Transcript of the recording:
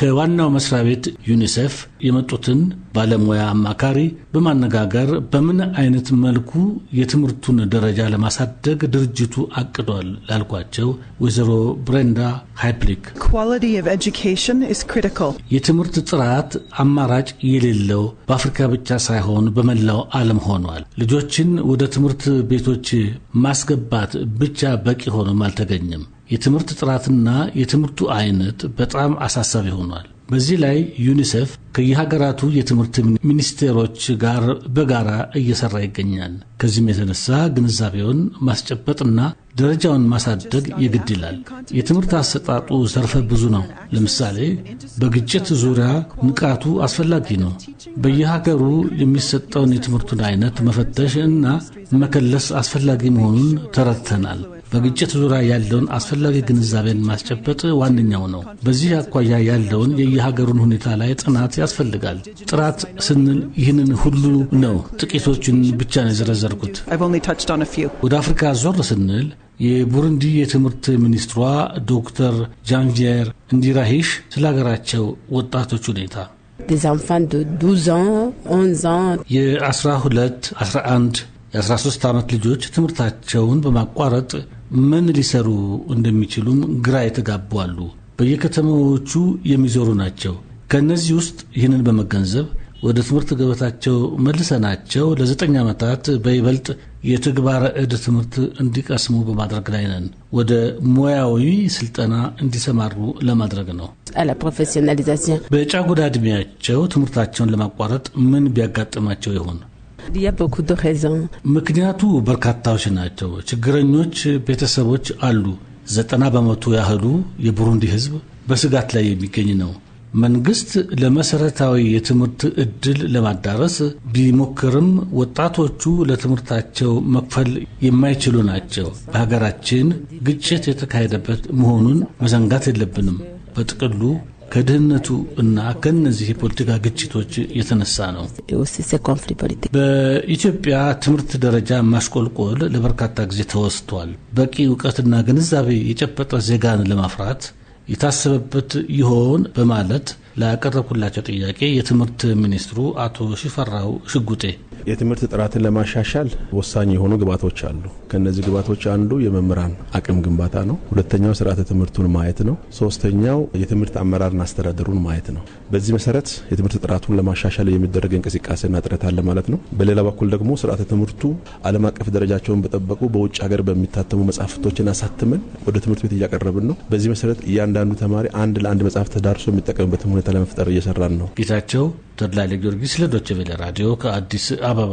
ከዋናው መስሪያ ቤት ዩኒሴፍ የመጡትን ባለሙያ አማካሪ በማነጋገር በምን አይነት መልኩ የትምህርቱን ደረጃ ለማሳደግ ድርጅቱ አቅዷል ላልኳቸው ወይዘሮ ብሬንዳ ሃይፕሊክ የትምህርት ጥራት አማራጭ የሌለው በአፍሪካ ብቻ ሳይሆን በመላው ዓለም ሆኗል። ልጆችን ወደ ትምህርት ቤቶች ማስገባት ብቻ በቂ ሆኖም አልተገኘም። የትምህርት ጥራትና የትምህርቱ አይነት በጣም አሳሳቢ ሆኗል። በዚህ ላይ ዩኒሴፍ ከየሀገራቱ የትምህርት ሚኒስቴሮች ጋር በጋራ እየሰራ ይገኛል። ከዚህም የተነሳ ግንዛቤውን ማስጨበጥና ደረጃውን ማሳደግ የግድ ይላል። የትምህርት አሰጣጡ ዘርፈ ብዙ ነው። ለምሳሌ በግጭት ዙሪያ ንቃቱ አስፈላጊ ነው። በየሀገሩ የሚሰጠውን የትምህርቱን አይነት መፈተሽ እና መከለስ አስፈላጊ መሆኑን ተረድተናል። በግጭት ዙሪያ ያለውን አስፈላጊ ግንዛቤን ማስጨበጥ ዋነኛው ነው። በዚህ አኳያ ያለውን የየሀገሩን ሁኔታ ላይ ጥናት ያስፈልጋል። ጥራት ስንል ይህንን ሁሉ ነው። ጥቂቶችን ብቻ ነው የዘረዘርኩት። ወደ አፍሪካ ዞር ስንል የቡሩንዲ የትምህርት ሚኒስትሯ ዶክተር ጃንቪየር እንዲራሂሽ ስለ ሀገራቸው ወጣቶች ሁኔታ የ12፣ 11፣ የ13 ዓመት ልጆች ትምህርታቸውን በማቋረጥ ምን ሊሰሩ እንደሚችሉም ግራ የተጋቡ አሉ። በየከተማዎቹ የሚዞሩ ናቸው። ከእነዚህ ውስጥ ይህንን በመገንዘብ ወደ ትምህርት ገበታቸው መልሰናቸው ለዘጠኝ ዓመታት በይበልጥ የተግባረ ዕድ ትምህርት እንዲቀስሙ በማድረግ ላይ ነን። ወደ ሙያዊ ስልጠና እንዲሰማሩ ለማድረግ ነው። ፕሮፌሲዮናሊዛሲን ዕድሜያቸው ትምህርታቸውን ለማቋረጥ ምን ቢያጋጥማቸው ይሆን? ምክንያቱ በርካታዎች ናቸው። ችግረኞች ቤተሰቦች አሉ። ዘጠና በመቶ ያህሉ የቡሩንዲ ሕዝብ በስጋት ላይ የሚገኝ ነው። መንግስት ለመሰረታዊ የትምህርት እድል ለማዳረስ ቢሞክርም ወጣቶቹ ለትምህርታቸው መክፈል የማይችሉ ናቸው። በሀገራችን ግጭት የተካሄደበት መሆኑን መዘንጋት የለብንም። በጥቅሉ ከድህነቱ እና ከነዚህ የፖለቲካ ግጭቶች የተነሳ ነው። በኢትዮጵያ ትምህርት ደረጃ ማሽቆልቆል ለበርካታ ጊዜ ተወስቷል። በቂ እውቀትና ግንዛቤ የጨበጠ ዜጋን ለማፍራት የታሰበበት ይሆን በማለት ላቀረብኩላቸው ጥያቄ የትምህርት ሚኒስትሩ አቶ ሽፈራው ሽጉጤ የትምህርት ጥራትን ለማሻሻል ወሳኝ የሆኑ ግባቶች አሉ። ከነዚህ ግባቶች አንዱ የመምህራን አቅም ግንባታ ነው። ሁለተኛው ስርዓተ ትምህርቱን ማየት ነው። ሶስተኛው የትምህርት አመራርን አስተዳደሩን ማየት ነው። በዚህ መሰረት የትምህርት ጥራቱን ለማሻሻል የሚደረግ እንቅስቃሴና ጥረት አለ ማለት ነው። በሌላ በኩል ደግሞ ስርዓተ ትምህርቱ ዓለም አቀፍ ደረጃቸውን በጠበቁ በውጭ ሀገር በሚታተሙ መጽሐፍቶችን አሳትመን ወደ ትምህርት ቤት እያቀረብን ነው። በዚህ መሰረት እያንዳንዱ ተማሪ አንድ ለአንድ መጽሐፍ ተዳርሶ የሚጠቀምበትም ሁኔታ ለመፍጠር እየሰራን ነው። ጌታቸው ተድላ ለጊዮርጊስ ጊዮርጊስ ቬለ ራዲዮ ከአዲስ አበባ